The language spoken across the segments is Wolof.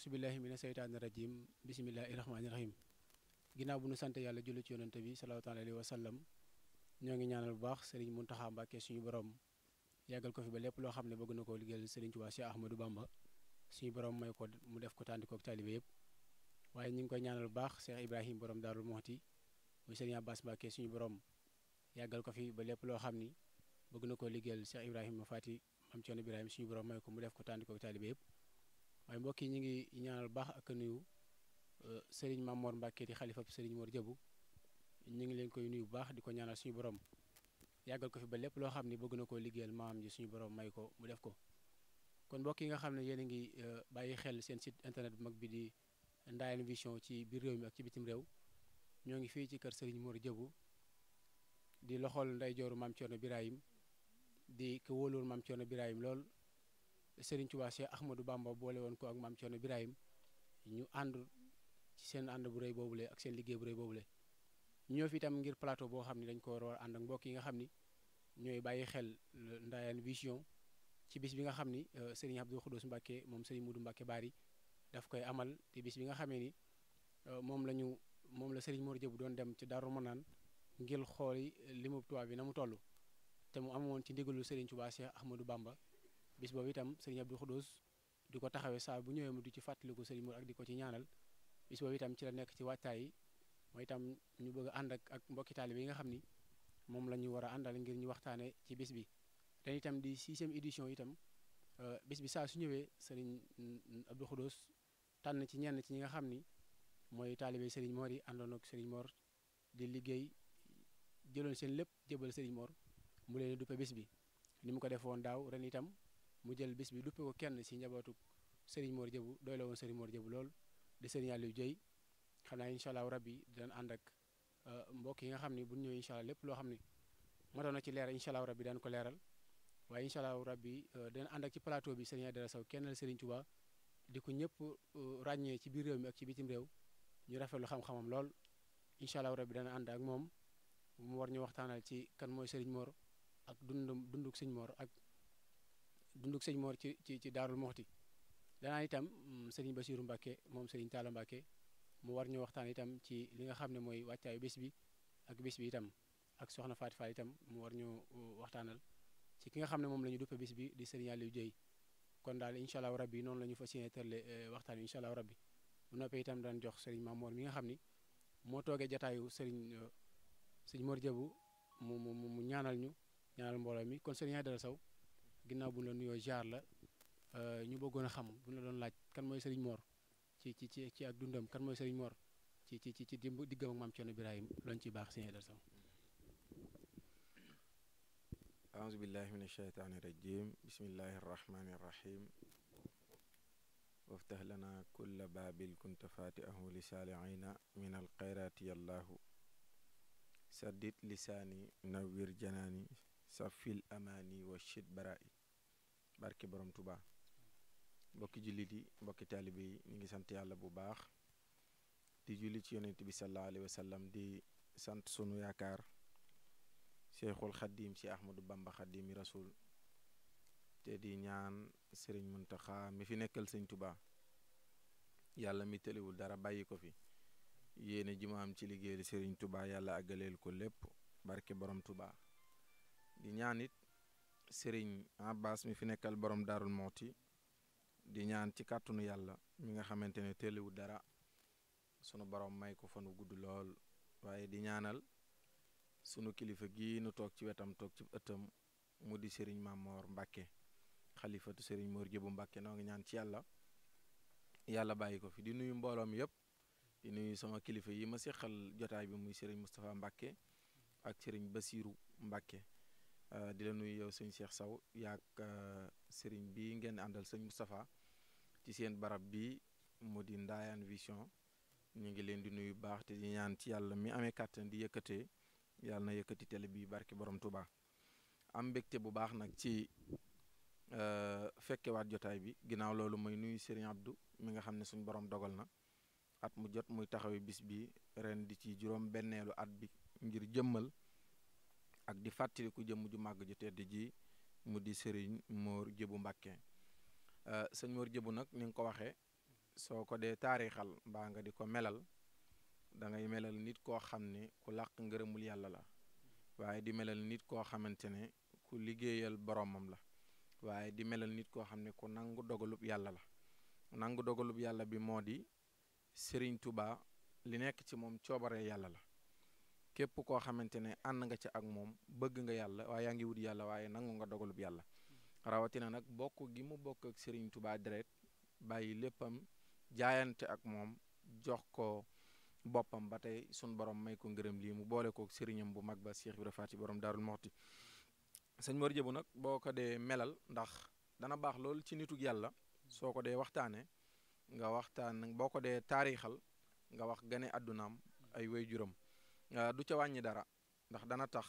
asubillahi mina seytaani rajim bisimillahi rahmaani rahim ginnaaw bu nu sant yàlla julli ci yonante bi sallallahu taala alayhi wa sallam ñoo ngi ñaanal bu baax sëriñ Muntaxa Mbàkke suñu borom yàggal ko fi ba lépp loo xam ne bëgg na koo liggéeyal sëriñ Tuubaa Séex Ahmadou Bamba suñu borom may ko mu def ko tàndikook taalibe yëpp waaye ñu ngi koy ñaanal bu baax Cheikh Ibrahima borom Daarul Muxti muy sëriñ Abbas Mbàkke suñu borom yàggal ko fi ba lépp loo xam ni bëgg na koo liggéeyal Cheikh Ibrahima Faati am coono Ibrahima suñu borom may ko mu def ko tàndikook taalibe yëpp waaye mbokk yi ñu ngi ñaanal baax ak nuyu euh, Serigne Mamor Mbacke di xalifa Serigne Mor Diabou ñu ngi leen koy nuyu bu baax di ko ñaanal suñu borom yàggal ko fi ba lépp loo xam ne bëgg na koo liggéeyal maam ji suñu borom may ko mu def ko. kon mbokk yi nga xam ne yéen a ngi euh, bàyyi xel seen sit internet bu mag bi di Ndayane Vision ci biir réew mi ak ci bitim réew ñoo ngi fii ci kër Serigne Mor Diabou di loxol nday jooru maam Thierno Birahim di ko wóoluwoon maam Birahim lool. Serigne Touba Cheikh Ahmadou Bamba boole woon ko ak maam Thierno Birahim ñu ànd ci seen ànd bu boobu boobule ak seen liggéey bu rëy le ñoo fi itam ngir plateau boo xam ne dañ ko war ànd ak mbokk yi nga xam ni ñooy bàyyi xel Ndayane Vision ci bis bi nga xam ni euh, Serigne Abdou Khoudous Mbacke moom Serigne Moudou Mbacke Bari daf koy amal te bi nga xamee ni euh, moom la ñu moom la Serigne Mor Diop doon dem ci Darou Manane ngir xooli limu tubaab bi na mu toll te mu amoon ci ndigalu Serigne Touba Cheikh Bamba. bis boobu itam sëriñ Abdou Khoudous di ko taxawee saa bu ñëwee mu di ci fàttaliku sëriñ Mour ak di ko ci ñaanal bis boobu itam ci la nekk ci waajtaay yi mooy itam ñu bëgg ànd ak ak mbokki taalibe yi nga xam ni moom la ñu war a àndal ngir ñu waxtaane ci bis bi ren itam di sixième édition itam euh, bis bi saa su ñëwee sëriñ Abdou Khoudous tànn ci ñenn ci ñi nga xam ni mooy taalibe sëriñ Mor yi àndoon ak sëriñ Mor di liggéey jëloon seen lépp jébal sëriñ moor mu leen duppe bi ni mu jël bis bi duppe ko kenn si njabootu Serigne Mor Diabou doy la woon Serigne Mor Diabou lool di Serigne Aliou Dieye xam naa incha allah rabbi dinañ ànd ak euh, mbokk yi nga xam ne bu ñëwee incha lépp loo xam ne matoon na ci leeral incha allah rabbi daan ko leeral waaye incha allah rabbi euh, dinañ ànd ak ci plateau bi Serigne Adara Sow kennal Serigne Touba di ko ñëpp euh, ràññee ci biir réew mi ci bitim réew ñu rafetlu xam-xamam lool incha allah rabbi ànd ak moom mu war ñu waxtaanal ci kan mooy Serigne Mor ak dundum dunduk Serigne Mor ak dundug sëñ moor ci ci ci Daarul Moxti danaa itam mm, sëriñ Basiiru Mbàkke moom sëriñ Taala Mbàkke mu war ñu waxtaan itam ci li nga xam ne mooy wàccaayu bés bi ak bés bi ak soxna Faati itam mu war ñu uh, waxtaanal ci ki nga xam ne moom la ñu duppe bés bi di sëriñ Aliou Dieye kon daal incha allahu rabbi noonu la ñu fas yéene tërle uh, waxtaan yi incha allahu rabbi bu noppee itam daan jox sëriñ Mamoor mi nga xam ni moo toogee jataayu sëriñ uh, sëñ Mor Jëbu mu mu mu ñaanal ñu ñaanal mbooloo mi kon sëriñ Aydara Sow ginnaaw bu ñu la nuyoo jaar la euh, ñu bëggoon a xam bu ñu la doon laaj kan mooy Serigne Mor ci ci ci ci ak dundam kan mooy Serigne ci ci ci ci dimb ci baax sëñ Eder Sow aouzu billahi min asheytaani rajim bismillahi arrahmani arrahim waftah lana kulla baabil kunta faatiahu li saaliina min alxayraati yallaahu saddit lisaani nawwir janaani safil amaani wa baraa'i barke borom Touba mbokki jullit yi mbokki taalibe yi ñu ngi sant yàlla bu baax di julli ci yonent bi sallallahu alayhi wa sallam di sant sunu yaakaar Seexul Xaddiim si Ahmadou Bamba Xaddiimi Rasuul te di ñaan sëriñ Muntaxa mi fi nekkal sëñ Touba yàlla mi tëliwul dara bàyyi ko fi yéene ji ma am ci liggéeyal sëriñ Touba yàlla àggaleel ko lépp barke borom Touba di ñaan it sëriñ Abbas mi fi nekkal borom Darou Mouhty di ñaan ci kàttanu yàlla mi nga xamante ne téeléwu dara sunu borom may ko fanu gudd lool waaye di ñaanal sunu kilifa gi nu toog ci wetam toog ci ëttam mu di sëriñ Mamor Mbacke xalifatu sëriñ Mor Jëbu mbakke noo ngi ñaan ci yàlla yàlla bàyyi ko fi di nuyu mbooloom yëpp di nuyu sama kilifa yi ma seqal jotaay bi muy sëriñ Moustapha Mbacke ak sëriñ Basirou Mbacke Euh, di la nuyu yow sëñ saw Sow yaak euh, sëriñ bi ngeen àndal sëñ Moustapha ci seen barab bi mu di ndaayaan Vision ñu ngi leen di nuyu baax te di ñaan ci yàlla mi amee kàttan di yëkkatee yàlla na yëkkati tele bi barki borom Touba am mbégte bu baax nag ci euh, fekkewaat jotaay bi ginnaaw loolu mooy nuyu sëriñ Abdou mi nga xam ne suñ borom dogal na at mu jot muy taxawe bis bi ren di ci juróom benneelu at bi ngir jëmmal ak di fàttaliku jëmm ju màgg ju tedd ji mu di sëriñ Mor Jëbu Mbàkke euh, sëñ Mor Jëbu nag ni nga ko waxee soo ko dee taarixal mbaa nga di ko melal dangay ngay melal nit koo xam ne ku làq ngërëmul yàlla la waaye di melal nit koo xamante ne ku liggéeyal boromam la waaye di melal nit koo xam ne ku nangu dogalub yàlla la nangu dogalub yàlla bi moo di sëriñ Tuubaa li nekk ci moom coobare yàlla la képp koo xamante ne ànd nga ca ak moom bëgg nga yàlla waaye yaa ngi wut yàlla waaye nangu nga dogalub yàlla rawatina nag bokk gi mu bokk ak Serigne Touba deret bàyyi léppam jaayante ak moom jox ko boppam ba tey sunu borom may ko ngërëm lii mu boole kook sëriñam bu mag ba Cheikh Ibra Faati borom Daarul Moxti sëñ Mor Jëbu nag boo ko dee melal ndax dana baax lool ci nituk yàlla soo ko dee waxtaanee nga waxtaan boo ko dee taarixal nga wax gane àddunaam Euh, du ca wàññi dara ndax dana tax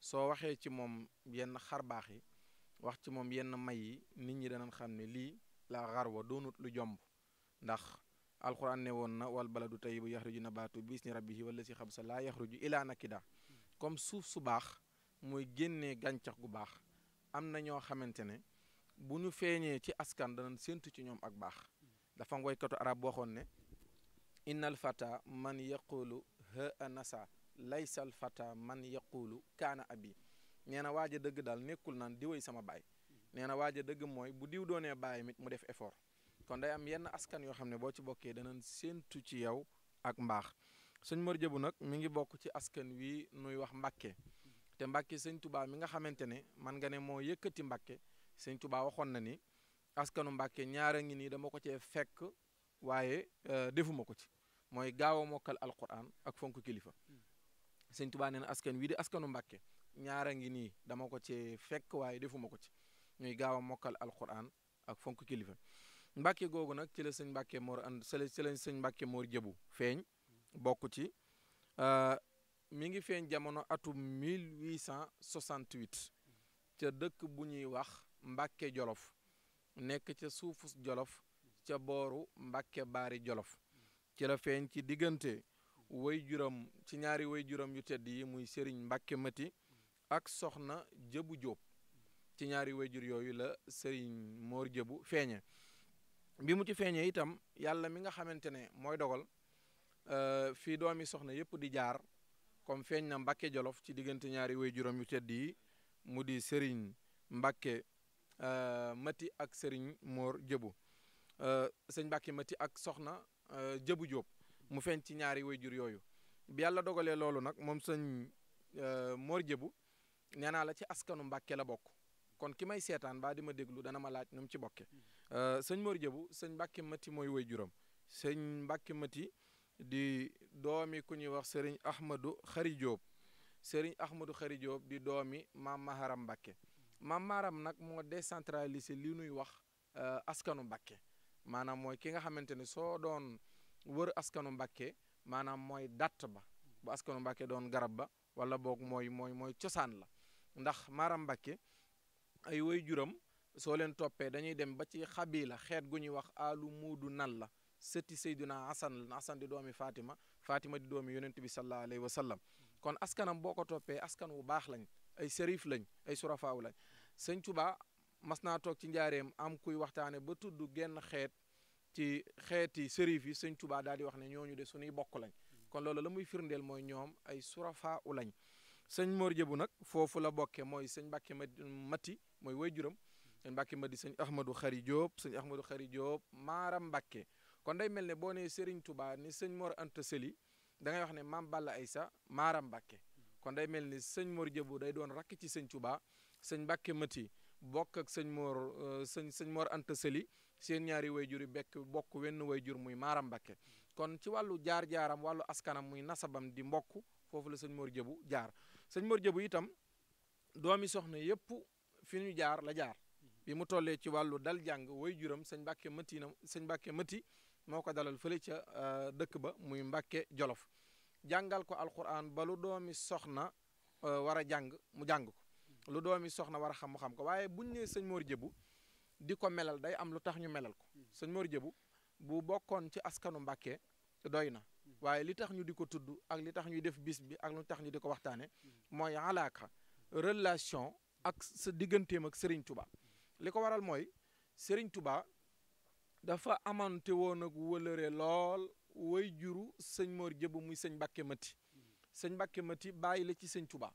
soo waxee ci moom yenn xar baax yi wax ci moom yenn may yi nit ñi dana xam ne lii la xar wa doonut lu jomb ndax alquran ne woon na wal baladu tayyibu yaxruju nabaatu bi isni rabbihi wala si xabsa laa yaxruju ilaa nakida comme suuf su baax mooy génne gàncax gu baax am na ñoo xamante ne bu ñu feeñee ci askan danañ séentu ci ñoom ak baax dafa ngoykatu arab waxoon ne innal fata man yaqulu ha anasa laysal fata man yaqulu kaana abi nee na waaj a dëgg daal nekkul naan diwéy sama baay nee na waaj dëgg mooy bu diw doonee baay mu def effort kon day am yenn askan yoo xam ne boo ci bokkee danañ séentu ci yow ak mbaax sëñ Mor Jëbu nag mi ngi bokk ci askan wi nuy wax Mbàkke te Mbàkke sëñ Tubaa mi nga xamante ne man nga ne moo yëkkati Mbàkke sëñ Tubaa waxoon na ni askanu Mbàkke ñaara ngi nii dama ko cee fekk waaye eh, defuma ko ci mooy gaaw a mokkal alquran ak fonk kilifa mm. sëñ tubaa nee na askan wii di askanu mbàkke ñaara ngi nii dama ko ci fekk waaye defuma ko ci ñuy gaaw a mokkal alquran ak fonk kilifa mbàkke googu nag ci la sëñ mbàkke moor and ci la sëñ mbàkke moor jëbu feeñ bokk ci euh, mi ngi feeñ jamono atum 1868 ca dëkk bu ñuy wax mbàkke jolof nekk ca suufu jolof ca booru mbàkke baari jolof ci la feeñ ci diggante way juróom ci ñaari way juram yu tedd yi muy Serigne Mbacke Mati ak soxna Jëbu Jóob ci ñaari way jur yooyu la sëriñ Mor Jëbu feeñe bi mu ci feeñee itam yàlla mi nga xamante ne mooy dogal euh, fii doomi soxna yëpp di jaar comme feeñ na Mbacke Jolof ci diggante ñaari way juram yu tedd yi mu di Serigne Mbacke euh, Mati ak sëriñ Mor Jëbu euh, sëñ Mbacke Mati ak soxna Euh, jëbu jóob mu feeñ ci ñaari wayjur yooyu bi yàlla dogalee loolu nag moom sëñ euh, Mor jëbu nee naa la ci askanu Mbàkke la bokk kon ki may seetaan baa di ma déglu dana ma laaj nu mu ci bokke euh, sëñ Mor jëbu sëñ Mbàkke Mati mooy wayjuram sëñ Mbàkke Mati di doomi ku ñuy wax sëriñ Ahmadou Xari Jóob sëriñ Ahmadou Xari Jóob di doomi maam Maharam Mbàkke maam Maharam nag moo décentralisé li nuy wax askanu Mbàkke maanaam mooy ki nga xamante ne soo doon wër askanu mbàkke maanaam mooy datt ba bu askanu mbàkke doon garab ba wala boog mooy mooy mooy cosaan la ndax maaram mbàkke ay woy juram soo leen toppee dañuy dem ba ci xabila xeet gu ñuy wax alu du nan la sëti seyduna asan la asan di doomi fatima fatima di doomi yonent bi sallallahu alayhi wa sallam kon askanam boo ko toppee askan wu baax lañ ay sërif lañ ay surafaaw lañ sëñ Tuubaa mas naa toog ci njaareem am kuy waxtaane ba tudd genn xeet ci xeeti sërif yi sëñ tubaa daal di wax ne ñu de suñuy bokk lañ kon loolu la muy firndeel mooy ñoom ay surafaa u lañ sëñ Mor Jëbu nag foofu la bokke mooy sëñ Mbàkke Mati mooy way juram sëñ Mbàkke Mati sëñ Ahmadou Xari Diop sëñ Ahmadou Xari Diop Maaram Mbàkke kon day mel ne boo nee Sëriñ Tuubaa ni sëñ moor Anta Sëli da ngay wax ne Maam Balla Aysa Maaram Mbàkke kon day mel ni sëñ Mor Jëbu day doon rakk ci sëñ Tuubaa sëñ Mbàkke Mati bokk ak sëñ Mor euh, sëñ sëñ Mor Anta Sali seen ñaari wayjur yi bekk bokk wenn wayjur muy Maaram Mbakke kon ci wàllu jaar-jaaram wàllu askanam muy nasabam di mbokk foofu la sëñ Mor Jëbu jaar sëñ Mor Jëbu itam doomi soxna yépp fi ñu jaar la jaar bi mu tollee ci wàllu dal jàng wayjuram sëñ Mbakke Mati na sëñ Mati moo ko dalal fële ca euh, dëkk ba muy Mbakke Jolof jàngal ko alquran ba lu doomi soxna euh, war a jàng mu jàng ko lu doomi soxna war a xam mu xam ko waaye buñ nee sëñ Mor Jëbu di ko melal day am lu tax ñu melal ko hmm. sëñ Mor Jëbu bu bokkoon ci askanu Mbàkke doy na hmm. waaye li tax ñu di ko tudd ak li tax ñuy def bis bi ak lu tax ñu di ko waxtaane hmm. mooy alaaka relation ak sa digganteem ak Serigne Touba li ko waral mooy sëriñ Touba dafa amante woon ak wëlëre lool way juru sëñ Mor Jëbu muy sëñ Mbàkke Mati sëñ Mbàkke Mati bàyyi la ci sëñ Touba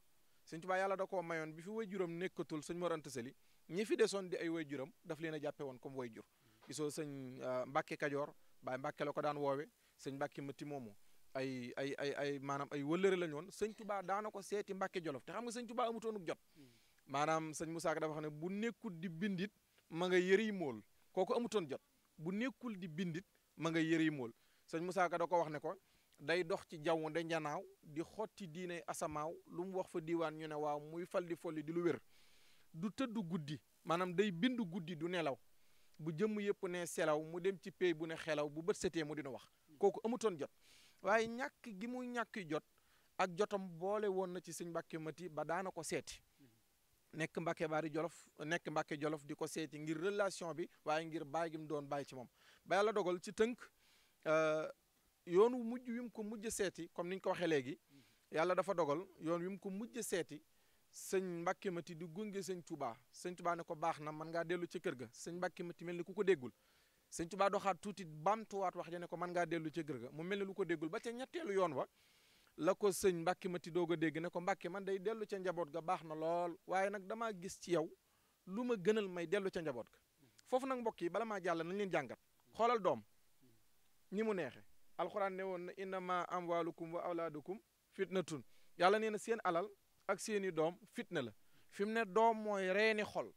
sëñ Tuubaa yàlla da koo mayoon bi fi way juram nekkatul sañ Mor Anta Sali ñi fi desoon di ay way juram daf leen a jàppe woon comme way jur gisoo sëñ euh, Mbàkke Kajoor baay Mbàkke la ko daan woowe sëñ Mbàkke Mati moomu ay ay ay ay maanaam ay wëllëre lañu woon sëñ Tuubaa daana seeti Mbàkke Jolof te xam nga sëñ Tuubaa amutoonuk jot maanaam sañ Moussa Ka dafa ne bu nekkul di bindit ma nga yëriy mool kooku amutoon jot bu nekkul di bindit ma nga yëriy mool sëñ Moussa ko wax ne ko day dox ci jaww de njanaaw di xotti diine asamaaw lu mu wax fa diwaan ñu ne waaw muy fal di folli di lu wér du tëdd guddi maanaam day bind guddi du nelaw bu jëmm yëpp ne selaw mu dem ci pay bu ne xelaw bu bët setee mu dina wax kooku amatoon jot waaye ñàkk gi muy ñàkki jot ak jotam boole woon na ci sëñ Mbàkke Mati ba daana ko seeti nekk Mbàkke Baari Jolof nekk Mbàkke Jolof di ko seeti ngir relation bi waaye ngir bàyyi mu doon bàyyi ci moom ba la dogal ci tënk euh, yoon wu mujj wi mu ko mujj seeti comme ni ñu ko waxee léegi mhm. yàlla dafa dogal yoon wi mu ko mujj seeti sëñ Mbàkke Mati di gunge sëñ Touba sëñ Touba ne ko baax na man ngaa dellu ci kër ga sëñ Mbàkke Mati mel ni ku ko déggul sëñ Touba doxaat tuuti bamtuwaat wax ja ne ko man ngaa dellu ci kër ga mu mel ni lu ko déggul ba ca ñetteelu yoon wa la ko sëñ Mbàkke Mati doog a dégg ne ko Mbàkke man day dellu ca njaboot ga baax na lool waaye nag damaa gis ci yow lu ma gënal may dellu ca njaboot ga mhm. foofu nag mbokk yi bala maa jàll nañ leen jàngat mhm. xoolal doom ni mu neexe alxuraan ne woon na innama amwalukum wa awlaadukum fitnatun yàlla nee na seen alal ak seeni doom fitna la fi mu ne doom mooy reeni xol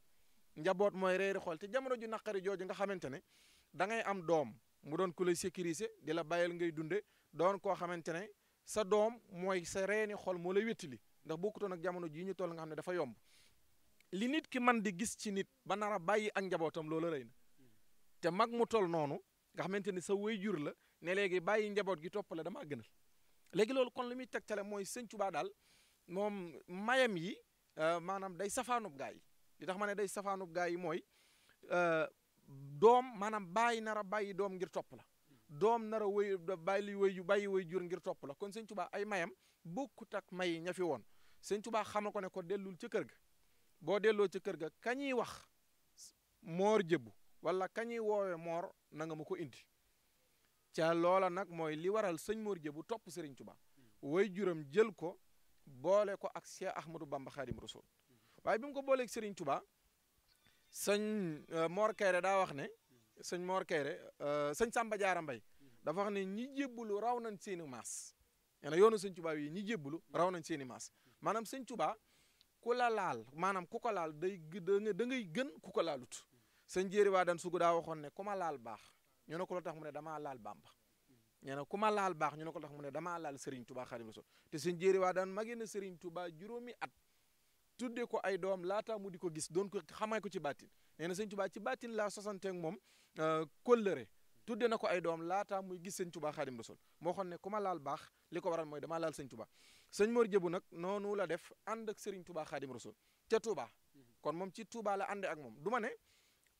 njaboot mooy reeri xol te jamono ju naqari jooju nga xamante ne da am doom mu doon ku sécuriser di la bàyyil ngay dunde doon koo xamante ne sa doom mooy sa reeni xol moo lay wéttali ndax bokkutoon ak jamono jii ñu toll nga xam ne dafa yomb li nit ki man di gis ci nit ba nar a bàyyi ak njabootam loola rey na te mag mu toll noonu nga xamante ne sa wéy jur la ne léegi bàyyi njaboot gi topp la damaa gënal léegi loolu kon li muy teg tegtale mooy sëñ daal moom mayam yi euh, maanaam day safaanub gaa yi li tax ma ne day safaanub gaa yi mooy euh, doom maanaam bàyyi nar a bàyyi doom ngir topp la doom nara a wéy bàyyi wéyu bàyyi wéy jur ngir topp la kon sëñ Tuubaa ay mayam bokkut ak may ña fi woon sëñ Tuubaa xam na ko ne ko dellul ca kër gi boo delloo ci kër ga kañuy wax moor jëbbu wala kañuy woowe moor nanga nga ma ko indi ca loola nag mooy li waral sëñ Mor Dia bu topp Serigne Touba way juram jël ko boole ko ak Cheikh Ahmadou Bamba Khadim Rasoul waaye bi mu ko booleeg Serigne Touba sëñ euh, Mor Kayre daa wax ne sëñ Mor Kayre euh, sëñ Samba Diarra dafa wax ne ñi jébbalu raw nañ seeni maas nee yoonu sëñ Touba yi jébbalu raw nañ seeni maas maanaam sëñ Touba ku la laal maanaam ku ko laal day da ngay gën ku ko laalut sëñ Jéeri waa dan sugu daa waxoon ne ku ma laal baax ñu ne ko la tax mu ne damaa laal Bàmba ñu ne ku ma laal baax ñu ne ko tax mu ne damaa laal Serigne Touba Xaadimu Rasuul te sëñ waa daan magee na Serigne Touba juróomi at tuddee ko ay doom laataa mu di ko gis doon ko ko ci bàttin nee na sëñ Touba ci bàttin laa sosante ak moom euh, kóllëre tudde na ko ay doom laataa muy gis sëñ Touba Xaadimu Rasuul moo xam ne ku ma laal baax li ko waral mooy damaa laal sëñ Touba sëñ Mor Jëbu nag noonu la def ànd ak Serigne Touba Xaadimu Rasuul ca Touba mhm. kon moom ci Touba la ànd ak moom du ma ne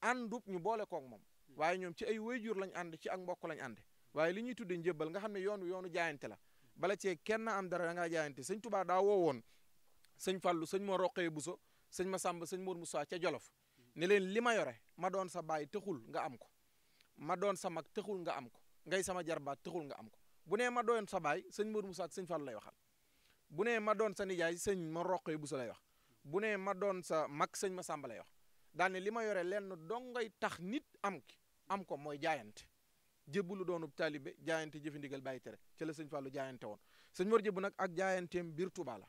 àndub ñu boole kook moom waaye ñoom ci ay wayjur lañ ànd ci ak mbokk lañ ànd waaye li ñuy tuddee njëbbal nga xam ne yoonu yoonu jaayante la bala cee kenn am dara da ngaa jaayante sëñ Tuubaa daa woo woon sëñ Fallu sëñ Mor Roqee Buso sëñ Masamba sëñ Mor Musaa ca Jolof ne leen li ma yore ma doon sa baay taxul nga am ko ma doon sa mag taxul nga am ko ngay sama jarbaat taxul nga am ko bu nee ma doon sa baay sëñ Mor Musaa ak sëñ Fallu lay waxal bu nee ma doon sa nijaay sëñ Mor Roqee Buso lay wax bu nee ma doon sa mag sëñ Masamba lay wax daal ne li ma yore lenn dongay tax nit am ki am ko mooy jaayante jébbalu doonub taalibe jaayante jëfi ndigal bàyyi tere ca la sëñ Fallou jaayante woon sëñ Mor Jëbb nag ak jaayanteem biir Touba la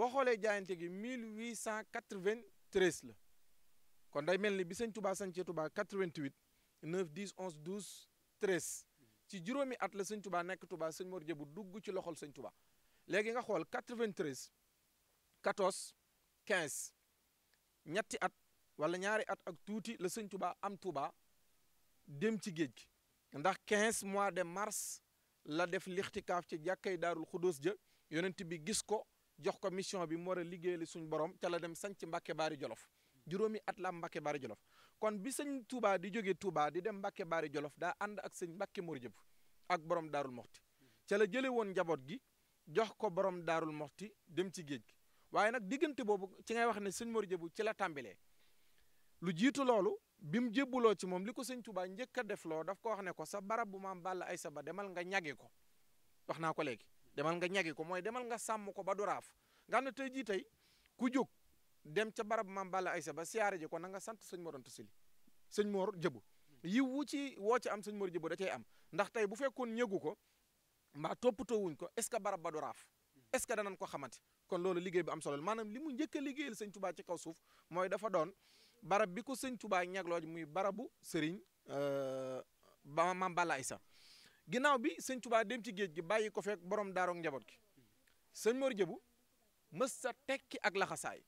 boo xoolee jaayante gi 1893 la kon day mel ni bi sëñ Touba sañcee Touba 88 9 10 11 12 13 ci juróomi at la sëñ Touba nekk Touba sëñ Mor Jëbb dugg ci loxol sëñ Touba léegi nga xool 93 14 15 ñetti at wala ñaari at ak tuuti la sëñ Touba am Touba. dem ci géej gi ndax 15 mois de mars la def lixtikaaf ci jàkkay daarul xudóos ja yonent bi gis ko jox ko mission bi mu war a liggéeyal suñ borom ca la dem sañc Mbàkke Baari Jolof juróomi at la Mbàkke Baari Jolof kon bi sëñ Touba di jógee Touba di dem Mbàkke Baari Jolof daa ànd ak sëñ mbakke Mor Jëb ak borom daarul moxti ca la jële woon njaboot gi jox ko borom daarul moxti dem ci géej gi waaye nag diggante boobu ci ngay wax ne sëñ Mor Jëbu ci la tàmbalee lu jiitu loolu bi mu jébbuloo ci moom li ko sëñ Touba njëkk a def loo daf ko wax ne ko sa barab bu maam Balla sa ba demal nga ñage ko wax naa ko léegi demal nga ñage ko mooy demal nga sàmm ko ba du ne tey jii tey ku jóg dem ca barab bu maam Balla Aysa ba siyaare ji ko na nga sant sëñ Mor Anta Sali sëñ Mor jëbu yi wu ci woo ci am sëñ Mor jëbu da cay am ndax tey bu fekkoon ñëgu ko mbaa toppatoo wuñ ko est ce que barab ba du raaf est ce que danañ xamante kon loolu liggéey bi am solo maanaam li mu njëkk a liggéeyal ci kaw suuf mooy dafa doon barab bi ko sëñ Touba ñagloo muy barabu Serigne euh, ba Mame Balla Aïssa ginnaaw bi sëñ Touba dem ci géej gi bàyyi ko fekk borom daaroog njaboot gi sëñ Mor Jëbu mës ta tekki ak laxasaay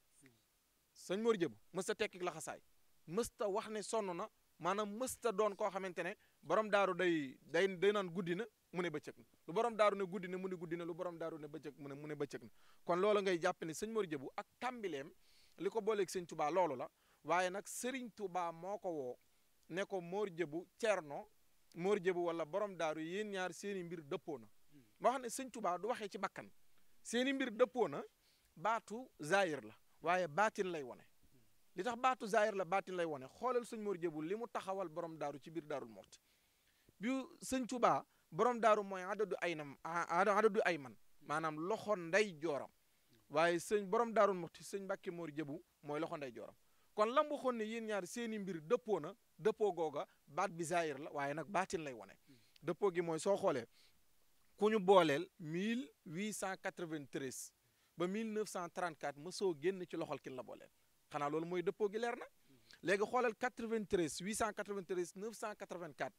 sëñ Mor Jëbu mës ta tekki laxasaay mës wax ne sonn na maanaam mës ta doon koo xamante ne borom daaru day day day naan guddi na mu ne bëccëg na lu borom daaru ne guddi na mu ne guddi na lu borom daaru ne bëccëg mu ne mu ne bëccëg na kon loolu ngay jàpp ne sëñ Mor Jëbu ak tàmbileem li ko booleeg sëñ tubaa loolu la waaye nag sëriñ tubaa moo ko woo ne ko Mor Jëbu Cerno Mor Jëbu wala borom daaru yéen ñaar seeni mbir dëppoo na moo xam ne Sëñ tubaa du waxee ci bakkan seeni mbir dëppoo na baatu zaayir la waaye baatin lay wone li tax baatu zaayir la baatin lay wone xoolal sëñ Mor Jëbu li mu taxawal borom daaru ci biir daarul Muxti bu sëñ tubaa borom daaru mooy adadu ay nam adadu ay man maanaam loxo nday jooram waaye sëñ borom daarul Muxti sëñ Mbàkke Mor Jëbu mooy loxo nday jooram kon lam waxoon ne yéen ñaar seeni mbir dëppoo na dëppoo googa baat bi zaahir la waaye nag baatin lay wane hmm. dëppoo gi mooy soo xoolee ku ñu booleel 1893 ba 1934 mësoo génn ci loxol kin la booleel xanaa loolu mooy dëppoo gi leer na hmm. léegi xoolal 93 893 984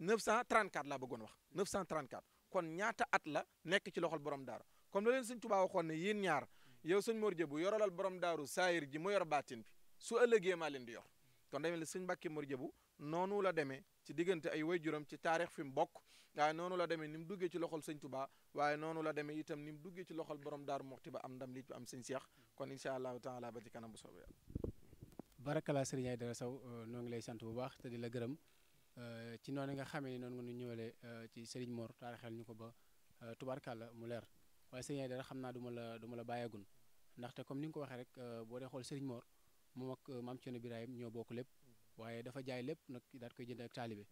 934 laa bëggoon wax 934 kon ñaata at la nekk ci loxol borom daara comme la leen Sëñ Tuubaa waxoon ne yéen ñaar yow sëñ Mor Diabou yoralal borom daaru saayir ji mu yor baatin bi su ëllëgee maa leen di yor kon demee la sëñ Mbàkke Mor Diabou noonu la demee ci diggante ay waajuram ci taarix fi mu bokk waaye noonu la demee ni mu duggee ci loxol sëñ Tuubaa waaye noonu la deme itam ni mu duggee ci loxol borom daaru Muxti ba am ndam li ba am sëñ Seex kon incha allahu taala ba ci kanam bu soobee yàlla. barakala sëriñ Aydara Sow euh, noo ngi lay sant bu baax te di la gërëm euh, ci noonu nga xamee noonu nga ñu ñëwalee euh, ci sëriñ Mor taarixal ñu ko ba tubaarkàlla mu leer waaye sëñ Aïdara xam naa du ma la du ma la bàyyeegun comme ni nga ko waxee rek euh, boo dee xool Serigne Mor moom ak euh, maam Thierno Birahim ñoo bokk lépp waaye dafa jaay lépp nag daal koy jënd ak taalibe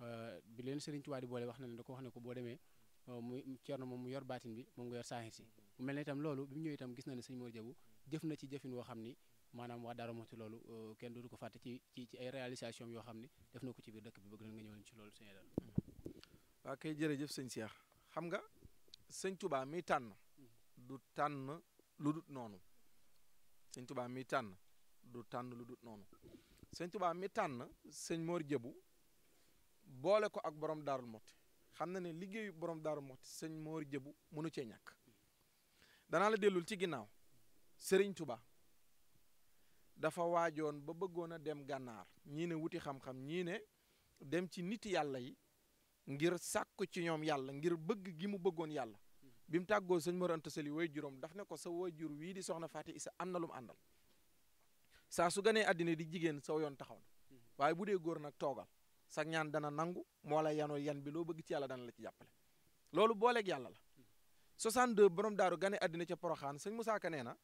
euh, bi leen Serigne Touba di boole wax na da ko wax ne ko boo demee mu Thierno moom mu yor baatin bi moom nga yor si mu mel ne itam loolu bi mu itam gis na ne Serigne Mor Diabou jëf na ci jëfin woo xam ni maanaam waa Darou Mouhty loolu kenn dootu ko fàtte ci ci ci ay réalisation yoo xam ni def na ko ci biir dëkk bi bëgg na nga ñëwal ci loolu sëñ Aïdara. Hmm. waaw kay jërëjëf sëñ Cheikh xam nga sëñ tubaa mi tànn du tànn lu noonu sëñ tubaa mi tànn du tànn lu noonu sëñ tubaa mi tànn sëñ moor jëbu boole ko ak borom daarul moxti xam na ne liggéeyu borom daarul moxti sëñ moor jëbu mënu cee ñàkk danaa la dellul ci ginnaaw sëriñ tuba dafa waajoon ba bëggoon a dem gànnaar ñii ne wuti xam-xam ñii ne dem ci nit yàlla yi ngir sàkku ci ñoom yàlla ngir bëgg gi mu bëggoon yàlla hmm. bi mu tàggoo sëñ Mor Anta Sali way juróom daf ne ko sa way jur wii di soxna Faati Isa am na mu àndal saa su ganee àddina di jigéen saw yoon taxaw na hmm. waaye bu dee góor nag toogal sa ñaan dana nangu moo la yanoo yan bi loo bëgg ci yàlla dana la ci jàppale loolu booleeg yàlla la 62 hmm. borom daaru gane àddina ca poroxaan sëñ Moussa Ka nee na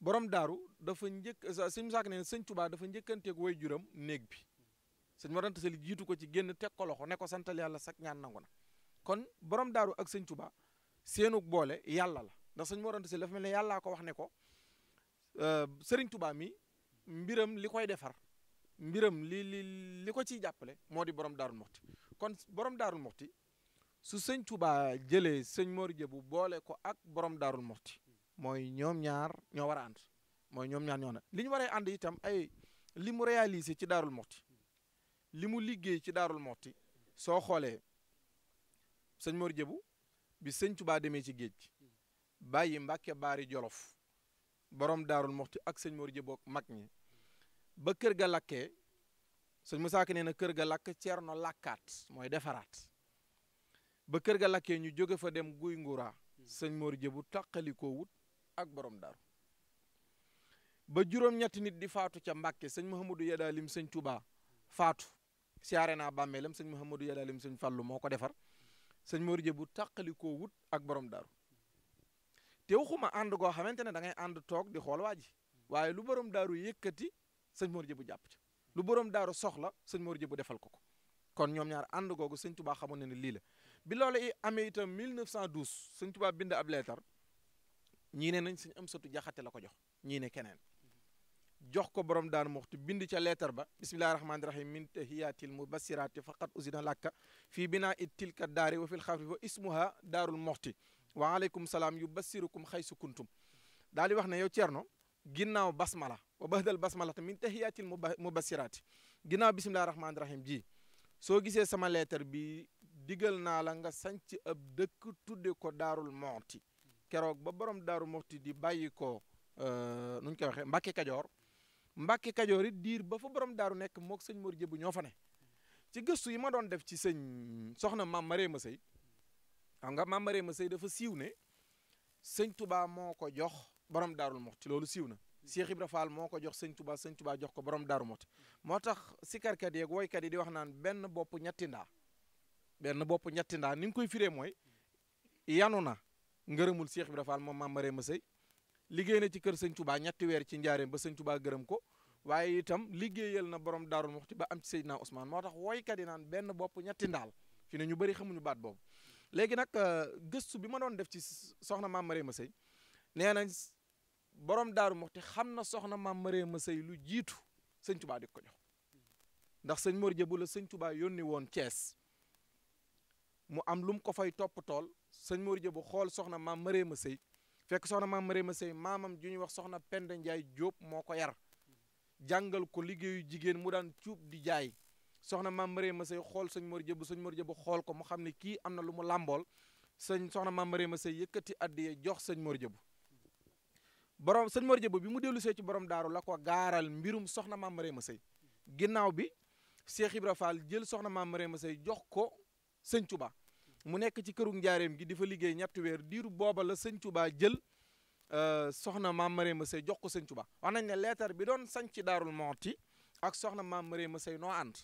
borom daaru dafa njëkk sëñ Moussa Ka nee sëñ Tuubaa dafa njëkkanteeg way juram néeg bi sëñ Mor Anta Sali jiitu ko ci génn teg ko loxo ne ko santal yàlla sax ñaan nangu na kon borom daaru ak sëñ Tuba seenug boole yàlla la ndax sëñ Mor Anta Sali dafa mel ne yàllaa ko wax ne ko euh, sëriñ Tuba mi mbiram li koy defar mbiram li li li ko ciy jàppale moo di borom daarul moxti kon borom daarul moxti su sëñ Tuba jëlee sëñ Mor Jëbu boole ko ak borom daarul moxti mooy ñoom ñaar ñoo war a ànd mooy ñoom ñaar ñoo na li ñu waree ànd itam ay li mu réalisé ci daarul mokti li mu liggéey ci daarul moxti soo xoolee sëñ Mor Jëbu bi sëñ Tubaa demee ci géej bàyyi Mbàkke baari Jolof boroom daarul moxti ak sëñ Mor Jëbu ak mag ñi ba kër ga lakkee sëñ Musaa Ka nee na kër ga lakk ceerno lakkaat mooy defaraat ba kër ga lakkee ñu jóge fa dem guy nguraa sëñ Mor Jëbu tàqalikoo wut ak boroom daaru ba juróom-ñetti nit di faatu ca Mbàkke sëñ Mahamadou Yadalim sëñ Tubaa faatu siyaare naa bàmmeelam sëñ Mouhamadou mu sëñ Fallou moo ko defar sëñ Mor bu tàqali koo wut ak borom daru te waxuma ànd goo xamante ne da ngay ànd toog di xool waa waaye lu borom daaru yëkkati sëñ Mor bu jàpp ci lu borom daaru soxla sëñ Mor bu defal ko ko kon ñoom ñaar ànd googu sëñ Touba xamoon ne lii la bi loolu i amee itam 1912 sëñ Touba bind ab leetar ñii ne nañ sëñ Amsatu Jaxate la ko jox ñii ne keneen jox ko borom Daaru Muxti bind ca leetar ba bismillahi rahmaani rahim min tahiyatil mubassirati faqad usina lakka fii binaa it tilka daari wa fil xafri wa ismuha daarul muxti wa aleykum salaam yubassirukum xaysu kuntum daal di wax ne yow no ginnaaw basmala wa bahdal basmalata min tahiyatil mubassirati ginnaaw bismillahi rahmaani rahim ji soo gisee sama leetar bi digal naa la nga sanc ab dëkk tudde ko daarul muxti keroog ba borom daaru muxti di bàyyi ko euh, nu ñu koy waxee Mbàkke Kajoor Mbàkke Kajoor it diir ba fa borom daaru nekk mook sëñ Mor Jëbu ñoo fane ne ci gëstu yi ma doon def ci sëñ soxna Maam ma Sëy xam nga Maam Mareema Sëy dafa siiw ne sëñ Touba moo ko jox borom daarul Muxti loolu siiw na Cheikh Ibra Fall moo ko jox sëñ Touba sëñ Touba jox ko borom daaru Muxti moo tax sikarkat yeeg woykat yi di wax naan benn bopp ñetti ndaa benn bopp ñetti ndaa ni nga koy firee mooy yanu na ngërëmul Cheikh Ibra Fall moom Maam ma Sëy liggéey na ci kër sëñ Touba ñetti weer ci njaareem ba sëñ Touba gërëm ko waaye itam liggéeyal na borom Daaru Muxti ba am ci naa Ousmane moo tax woykat yi naan benn bopp ñetti ndaal fi ne ñu bëri xamuñu baat boobu léegi nag euh, gëstu bi ma doon def ci soxna maam ma Sëy nee nañ borom Daaru Muxti xam na soxna maam Mariama Sëy lu jiitu sëñ Tubaa di ko jox ndax sëñ Mor Jabu la sëñ Tubaa yónni woon Cees mu am lu mu ko fay topp tool sëñ Mor Jabu xool soxna maam ma sey fekk soxna maam ma sey maamam ju ñuy wax soxna Penda Njaay Jóob moo ko yar jàngal ko liggéeyu jigéen mu daan cuub di jaay soxna maam Mariama Sey xool sëñ Mor Jëbb sëñ Mor Jëbb xool ko mu xam ne kii am na lu mu làmbool sëñ soxna maam Mariama Sey yëkkati addiye jox sëñ Mor Jëbb borom sëñ Mor Jëbb bi mu dellu see ci borom daaru la ko gaaral mbirum soxna maam Mariama Sey ginnaaw bi Cheikh Ibra Fall jël soxna maam Mariama Sey jox ko sëñ Touba mu nekk ci këru njaareem gi di fa liggéey ñetti weer diiru booba la sëñ Touba jël Euh, soxna maam Marème Seye jox ko sëñ ba wax nañ ne leetar bi doon sañ ci daarul moxti ak soxna maam Marème Seye noo ànd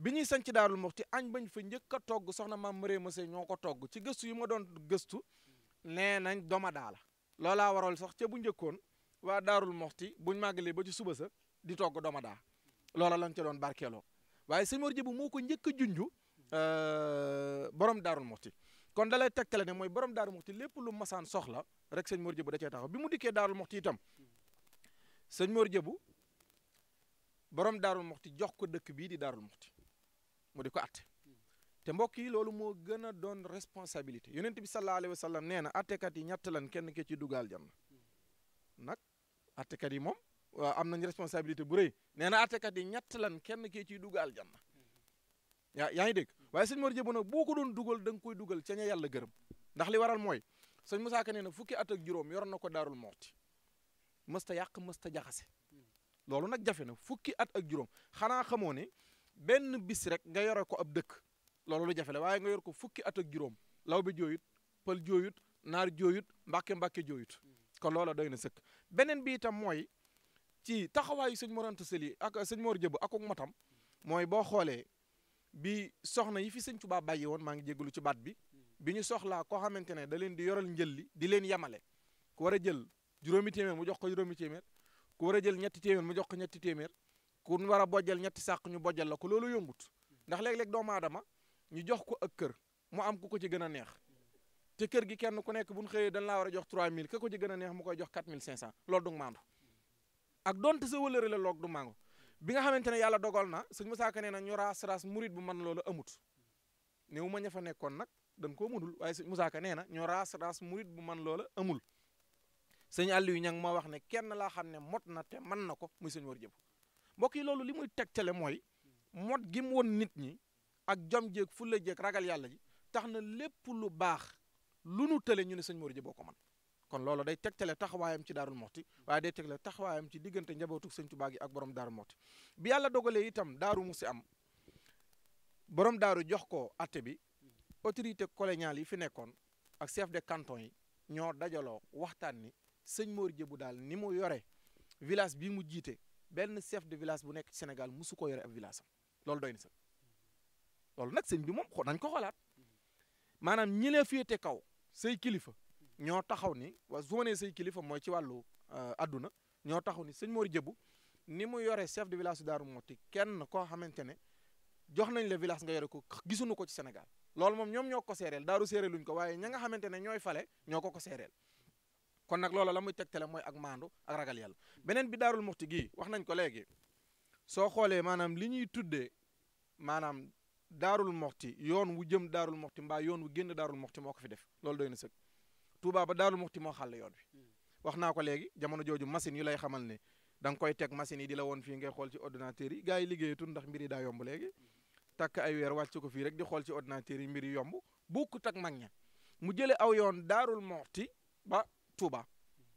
bi ñuy sañ ci daarul moxti añ bañ fa njëkk a togg soxna maam Marème Seye ñoo ko togg ci gëstu yi ma doon gëstu nee nañ doma daala loolaa waral sax ca bu njëkkoon waa daarul moxti buñ màggalee ba ci suba sa di togg doma daa loola lañ ca doon barkeeloo waaye sëñ Mor Jëbu moo ko njëkk a junj euh, borom daarul moxti kon da lay tegtale ne mooy borom daarul moxti lépp lu masaan soxla rek sëñ Mor Jëbu da cee taxaw bi mu dikkee Daarul Moxti itam sëñ Mor Jëbu borom Daarul Moxti jox ko dëkk bii di Daarul Moxti mu di ko atte te mbokk yi loolu moo gën a doon responsabilité yonent bi sallallahu alayhi wa sallam nee na attekat yi ñett lan kenn ke ci dugaal janna nag attekat yi moom waaw am nañ responsabilité bu rëy nee na attekat yi ñett lan kenn ke ciy dugaal janna yaa yaa ngi dégg waaye sëñ Mor Jëbu nag boo ko doon dugal da koy dugal ca ña yàlla gërëm ndax li waral mooy sëñ Moussa Ka nee na fukki at ak juróom yor na ko daarul moxti mësta yàq mësta jaxase loolu nag jafe na fukki at ak juróom xanaa xamoo ni benn bis rek nga yore ko ab dëkk loolu lu jafe la waaye nga yor ko fukki at ak juróom law bi jooyut pël jooyut naar jooyut mbàkke mbàkke jooyut kon loola doy na sëkk beneen bi itam mooy ci taxawaayu sëñ Mor Anta Sali ak sëñ moor Jëb ak matam mooy boo xoolee bi soxna yi fi sëñ Tuubaa bàyyi woon maa ngi jégalu ci baat bi bi ñu soxlaa koo xamante ne da leen di yoral njël li di leen yemale ku war a jël juróomi téeméer mu jox ko juróomi téeméer ku war a jël ñetti téeméer mu jox ko ñetti téeméer ku war a bojjal ñetti sàq ñu bojjal la ko loolu yombut ndax léeg-léeg doomu aadama ñu jox ko ak kër mu am ku ko ci gën a neex te kër gi kenn ku nekk bu ñu xëyee dañ laa war a jox 3000 ka ko ci gën a neex mu koy jox 4500 loolu du maandu ak donte sa wëlëre la loog du maangu bi nga xamante ne yàlla dogal na sëñ Musaa Ka nee na ñu raas raas murit bu man loolu amut néew ma ña fa nekkoon nag dañ ko mënul waaye sëñ Moussa Ka nee na ñoo raas raas murit man loola amul sëñ Aliou Niang moo wax ne kenn laa xam ne mot na te man na ko muy sëñ war jëpp mbokk yi loolu li muy tegtale mooy mot gi mu woon nit ñi ak jom jéeg fulla jéeg ragal yàlla ji tax na lépp lu baax lu nu tële ñu ne sëñ Mor Jëboo ko man kon loolu day teg tegtale taxawaayam ci daarul moxti waaye day teg tegtale taxawaayam ci diggante njabootu sëñ Tuubaa gi ak borom daaru moxti bi yàlla dogalee itam daaru mu si am borom daaru jox ko atte bi autorité coloniale yi fi nekkoon ak chef de canton yi ñoo dajaloo waxtaan ni sëñ moor Diabou daal ni mu yore village bi mu jiite benn chef de village bu nekk ci Sénégal musu ko yore ab village am loolu doy na sax loolu nag sëñ bi moom nañ ko xoolaat maanaam ñi la féete kaw say kilifa ñoo taxaw ni waa su ma nee say kilifa mooy ci wàllu euh, adduna ñoo taxaw ni sëñ Mor Diabou ni mu yore chef de village su Daaru Muxti kenn koo xamante ne jox nañ la village nga yore ko gisuñu ko ci Sénégal loolu moom ñoom ñoo ko seereel daaru séereel luñ ko waaye ña nga xamante ne ñooy fale ñoo ko ko seereel kon nag loola la muy tegtale mooy ak maandu ak ragal yàlla beneen bi daarul moxti gii wax nañ ko léegi soo xoolee maanaam li ñuy tuddee maanaam daarul moxti yoon wu jëm daarul moxti mbaa yoon wu génn daaru moxti moo ko fi def loolu doy na sëg Touba ba daarul moxti moo xàll yoon bi hmm. wax naa ko léegi jamono jooju machine yu lay xamal ne da koy teg machine yi di la woon fii ngay xool ci ordinateur yi gars yi liggéeyatul ndax mbir yi daa yomb léegi hmm. takk ay weer wàcc ko fii rek di xool ci ordinateur yi mbir yi yomb bokkut ak mag ña mu jële aw yoon daarul moxti ba Touba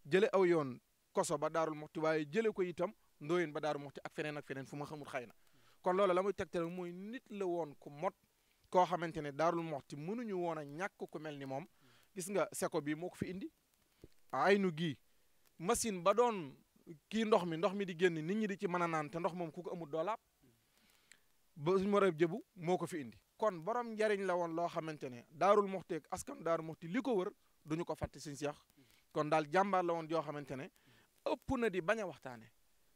jële aw yoon koso ba daarul moxti waaye jële ko itam ndooyeen ba daarul moxti ak feneen ak feneen fu ma xamul xëy na kon loolu la muy tegtal mooy nit la woon ku mot koo xamante ne daarul moxti mënuñu woon a ñàkk ko mel ni moom gis nga seko bi moo ko fi indi ay nu gii machine ba doon kii ndox mi ndox mi di génn nit ñi di ci mën a naan te ndox ba suñ mor ab jëbu moo ko fi indi kon borom njariñ la woon loo xamante ne daarul moxteeg askan daaru moxti li ko wër duñu ko fàtte siñ seex kon daal jàmbaar la woon yoo xamante ne ëpp na di bañ a waxtaane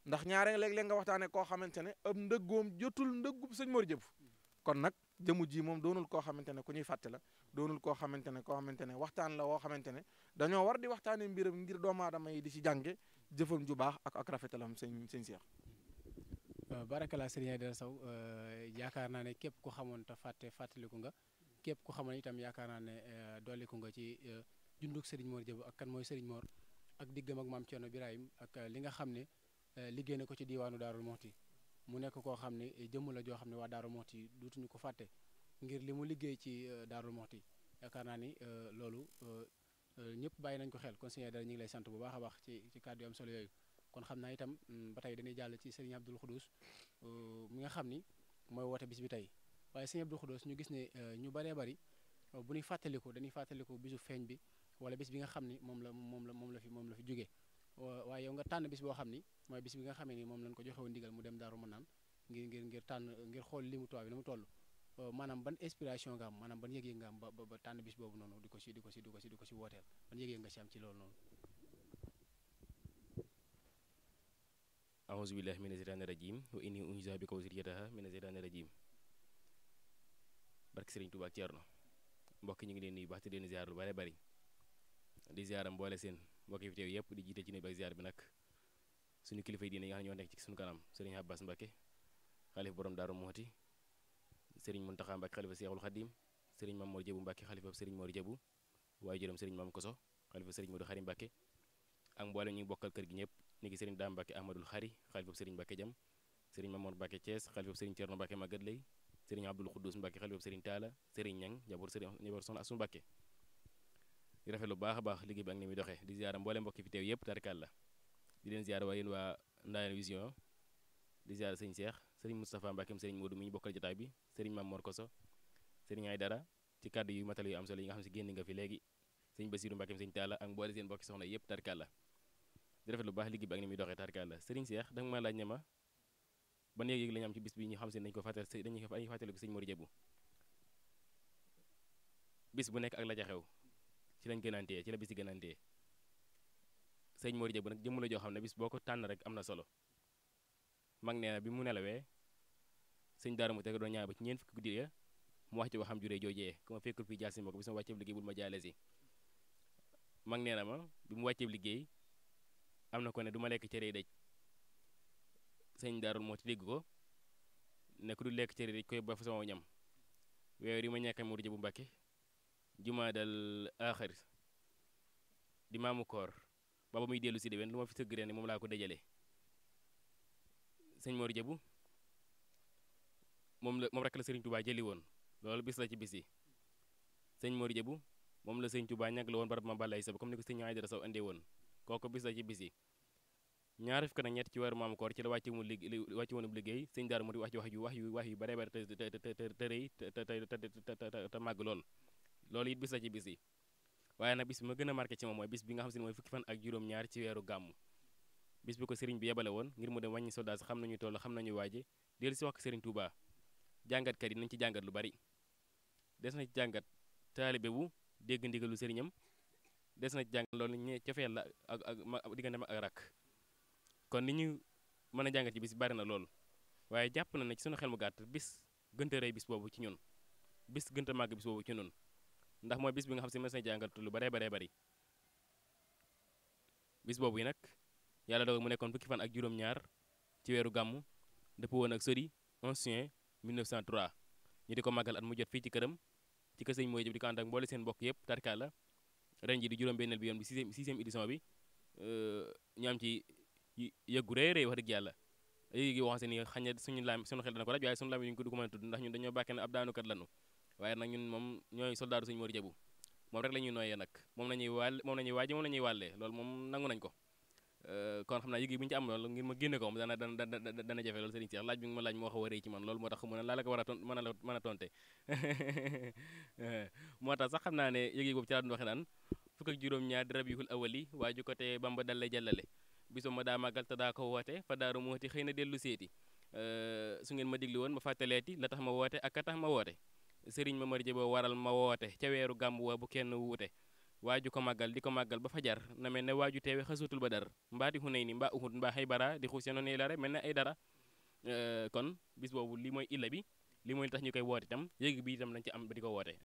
ndax ñaare léeg-léeg nga waxtaane koo xamante ne ndëggoom jotul ndëggub sëñ mor jëbu kon nag jëmu ji moom doonul koo xamante ne ku ñuy fàtte la doonul koo xamante ne koo xamante ne waxtaan la woo xamante ne dañoo war di waxtaane mbiram ngir doomu aadama yi di si jànge jëfam ju baax ak ak rafetalam sëñ sëñ seex Euh, barakala Serigne Aïdara saw euh, yaakaar naa ne képp ku xamoon te fàtte fàttaliku nga képp ku xamoon itam yaakaar naa ne euh, dolliku nga ci junduk sëriñ Mor Diabo ak kan mooy Serigne Mor ak diggam ak maam Thierno Birahim ak li nga xam ne liggéey na ko ci diiwaanu Daarul Moxti mu nekk koo xam ne eh, jëmm la joo xam ne waa Daarul Moxti duutuñu ko fàtte ngir li mu liggéey ci Daarul Moxti yaakaar naa ni loolu ñëpp bàyyi nañ ko xel kon Serigne Aïdara ñu ngi lay sant bu baax a baax ci ci yooyu kon xam naa itam mm, ba tey dañuy jàll ci sëriñ Abdul Xudus euh, mi nga xam ni mooy woote bis bi tey waaye sëriñ Abdul Xudus ñu gis ne euh, ñu bëree bëri euh, bu ñuy fàttaliku dañuy fàttaliku bisu feeñ bi wala bis bi nga xam ni moom la moom la moom la fi moom la fi jóge waaye yow nga tànn bis boo joxe woon ndigal tànn ngir xool li mu tubaab bi na mu toll boobu noonu di ko si di ko si di ko si di ko si wooteel ban yëg-yëg nga si am ci loolu noonu aousubillahi mina seytaani rajim wa inni a bi kaw siriyataha mina seytaani rajim barki sëriñ Tuubaa ñu ngi leen nuyu baax te leen ziar lu bare bari di ziaram boole seen mbokk fi teew yëpp di jiite ci ne bi ak ziar bi nag suñu kilifa yi diine ñoo nekk ci suñu kanam sëriñ Abbas Mbacke xalif borom Daaru Muxti sëriñ Muntaxa Mbacke xalifa Seexul Xadim sëriñ Maam Mor Jëbu Mbacke xalifa sëriñ Mor Jëbu waaye juróom sëriñ Maam Koso xalifa sëriñ Modou Xarim Mbacke ak mboolem ñu ngi bokkal kër gi ñëpp ni ki sëriñ Daam Mbàkke Ahmadul Xari xalifab sëriñ Mbàkke Jam sëriñ Mamoor Mbàkke Thiès xalifab sëriñ Cerno Mbàkke Magat Lay sëriñ Abdul Xuddus Mbàkke xalifab sëriñ Taala sëriñ Ñang njaboot sëriñ njaboot soxna Asu Mbàkke di rafet lu baax a baax liggéey bi ak ni muy doxee di ziara mboolem mbokki fi teew yëpp tarkal la di leen ziara waa yéen waa Ndayane Vision di ziara sëriñ Seex sëriñ Moustapha Mbàkke sëriñ Moodu mi ñu bokkal jotaay bi sëriñ Mamoor Koso sëriñ Aydara ci kàddu yu matal yu am solo yi nga xam ne si génn nga fi léegi sëriñ Basiru Mbàkke sëriñ Taala ak mboole seen mbokki soxna yëpp tarkal la di lu baax liggéey bi ak ni muy doxee tarkaal la Serigne Cheikh da nga ma laaj ne ma ban yëg-yëg la am ci bis bi ñu xam si nañ ko fàttal dañu ko fàttali ko sëñ Mor Diabou bis bu nekk ak la ca ci lañ gënantee ci la bis yi gënantee sëñ Mor Diabou nag jëmm la joo xam ne bis boo ko tànn rek am na solo mag nee bi mu nelawee sëñ Daara mu teg doon ñaar ba ci ñeent fukki guddi ya mu wax ci waxam juree joojee ku ma fekkul fii jaasi ma ko bis ma wàcceeb liggéey bul ma jaale mag nee na ma bi mu wàcceeb liggéey am na ko ne duma ma lekk cere yi daj daarul moo ci dégg ko ne ku du lekk cere yi koy ba fa sama ñam weer yi ma ñàkk mu bu Mbàkke jumaadal aaxir di maamu koor ba ba muy dellu si déwén lu ma fi sëgg ren moom laa ko dajale sëñ Mor Jabu moom la moom rek la sëriñ Touba jëli woon loolu bis la ci bis yi sëñ Mor Jabu moom la sëñ Touba ñàkk la woon barab ma bàllaay sa comme ni ko sëñ Aydara Sow andee woon kooku bis la ci bis yi ñaari fukk ak ñett ci weeru maamu koor ci la wàcce woon lig wàcce woon ab liggéey sëñ Daaru Muxti wax ci wax yu wax yu wax yu bare bare te te te te te te te màgg lool loolu it bis la ci bis yi waaye nag bis bi ma gën a marqué ci moom mooy bis bi nga xam si ne mooy fukki fan ak juróom-ñaar ci weeru gàmm bis bi ko sëriñ bi yebale woon ngir mu dem wàññi soldat si xam nañu toll xam nañu waaje dellu si wax ko sëriñ Touba jàngatkat yi nañ ci jàngat lu bari des na ci jàngat taalibe bu dégg ndigalu sëriñam des na jàng loolu ñu cofeel la ak ak diggante ak rakk kon ni ñu mën a jàngat ci bis bari na loolu waaye jàpp na ne ci sunu xel mu gàtt bis gënt bis boobu ci ñun bis gënt a màgg bis boobu ci ñun ndax mooy bis bi nga xam si mës na jàngal lu baree bare bari bis boobu yi nag yàlla dogal mu nekkoon fukki fan ak juróom-ñaar ci weeru gàmm dëpp woon ak sori 11 juin 1903 ñu di ko màggal at mu jot fii ci këram ci kër sëñ mooy jëm seen mbokk yëpp tarkaa la ren ji di juróom-benneel bi yoon bi sixième sixième édition bi euh, ñu am ci yëggu rëy rëy wax dëgg yàlla yéegi waxam se ni xañ na suñu laam suñu xel dana ko laaj waaye suñu laam yi ñu ko du ko a tudd ndax ñun dañoo bàkkee ne ab daanukat lanu waaye nag ñun moom ñooy soldaaru suñu Mor Jabu moom rek la ñuy nooyee nag moom la ñuy wàll moom la ñuy waaji moom la ñuy wàllee loolu moom nangu nañ ko Euh, kon xam naa yëg yi bu ci am loolu ngir ma génne ko dana dana dana jafe loolu Serigne Cheikh laaj bi nga ma laaj moo wax a waree ci man loolu moo tax a a la mën euh, moo tax sax xam naa ne yëg yi boobu ci laa doon waxee naan fukk ak juróom-ñaar di rabiul awali waa ju ko te bamba dalle jàllale bisu ma daa màggal te daa ko woote fa daaru mooti xëy na dellu seeti euh, su ngeen ma digli woon ma fàttaleeti la tax ma woote ak ka tax ma woote Serigne Mamar Jëboo waral ma woote ca weeru gàmmu wa bu kenn wuute waa ju ko màggal di ko màggal ba jar na mel ne waaju teewe xasuutul ba dar mbaa di xunay ni mbaa uhud mbaa xay bara di xuuse noonu la rek mel ne ay dara euh, kon bis boobu li mooy illa bi li mooy tax ñu koy woote itam yéegi bii itam lañ ci am ba di ko woote